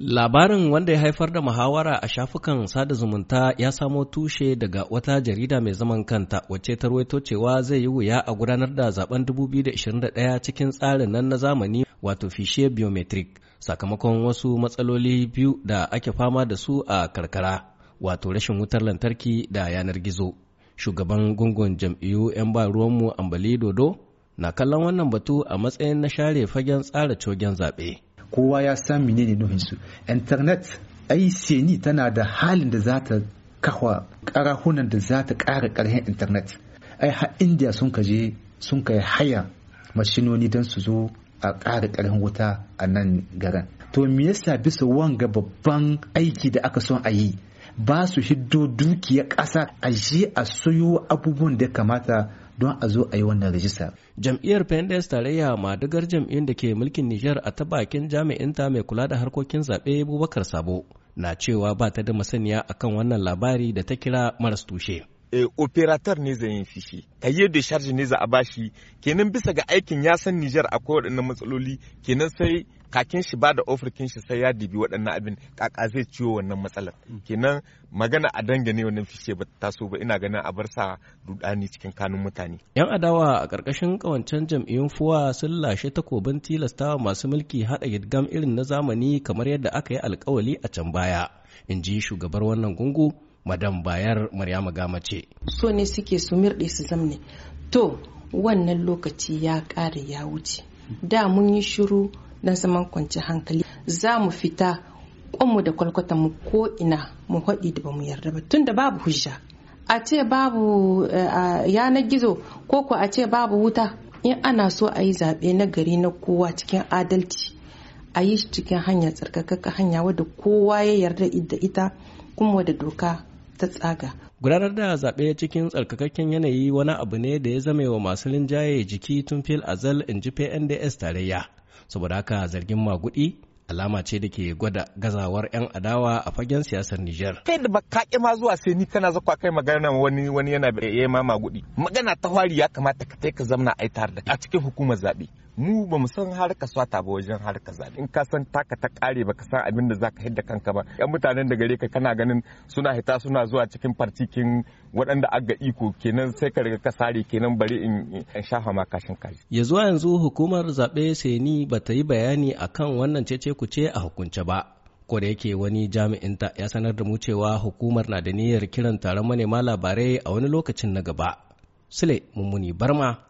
Labarin wanda ya haifar da muhawara a shafukan sada zumunta ya samo tushe daga wata jarida mai zaman kanta wacce ta rawaito cewa zai yi wuya a gudanar da zaben 2021 cikin tsarin nan na zamani wato fishe biometric sakamakon wasu matsaloli biyu da ake fama da su a karkara wato rashin wutar lantarki da yanar gizo. Shugaban gungun jam'iyyu 'yan ba ruwanmu Ambali Dodo na kallon wannan batu a matsayin na share fagen tsara cogen zaɓe. kowa ya san menene nuhinsu internet ai seni tana da halin da za ta kawa karahunan da za ta kara karhin internet ai har india sun kaje sun kai haya mashinoni don su zo a ƙara karhin wuta a nan garin to me yasa bisa wanga babban aiki da aka son a yi ba su hiddo dukiyar ƙasa a je a soyo abubuwan da ya kamata don a zo a yi wannan rajista Jam'iyyar PNDS tarayya madagar jam'iyyun da ke mulkin Nijar a ta bakin jami'inta mai kula da harkokin zaɓe Bubakar Sabo na cewa ba ta da masaniya akan wannan labari da ta kira maras tushe. Eh, operator ne zai yin fishi yi da sharji ne za a bashi kenan bisa ga aikin ya san Nijar akwai waɗannan matsaloli kenan sai kakin shi ba da ofirkin shi sai ya dibi waɗannan abin kaka zai ciwo wannan matsalar mm. kenan magana a dangane wannan fishe ba taso ba ina ganin a bar sa rudani cikin kanun mutane yan adawa a ƙarƙashin kawancen jam'iyyun fuwa sun lashe takobin tilastawa masu mulki haɗa gidgam irin na zamani kamar yadda aka yi alkawali a can baya in ji shugabar wannan gungu madam bayar maryama gama ce so ne suke su mirɗe su zamne to wannan lokaci ya ƙare ya wuce da mun yi shiru na zaman kwanci hankali za mu fita kwanmu da kwalkwata mu ko ina mu haɗi da ba mu yarda ba tun tunda babu hujja a ce babu eh, yanar gizo ko ku a ce babu wuta in ana so a yi zaɓe na gari na kowa cikin adalci a yi shi cikin hanya tsarkakakka hanya wadda kowa ya yarda da ita kuma da doka ta tsaga gudanar da zaɓe cikin tsarkakakken yanayi wani abu ne da ya zame wa masu linjaye jiki tun fil azal in ji pnds tarayya saboda haka zargin magudi alama ce da ke gwada gazawar 'yan adawa a fagen siyasar Nijar. Kai da ka ma zuwa sai ni kana zakwa kai magana wani wani yana bai ma magudi. Magana ta hwari ya kamata ka kai ka zamna ai tar da a cikin hukumar zaɓe. mu ba mu san harka swata ba wajen ka zabi in ka san taka ta kare ka san abin da zaka hidda kanka ba yan mutanen da gare ka kana ganin suna hita suna zuwa cikin farcikin waɗanda aga iko kenan sai ka riga ka sare kenan bari in shafa ma kashin kaji ya zuwa yanzu hukumar zabe seni ba ta yi bayani akan wannan cece kuce a hukunce ba ko da yake wani jami'in ta ya sanar da mu cewa hukumar na da niyyar kiran taron manema labarai a wani lokacin na gaba sule mummuni barma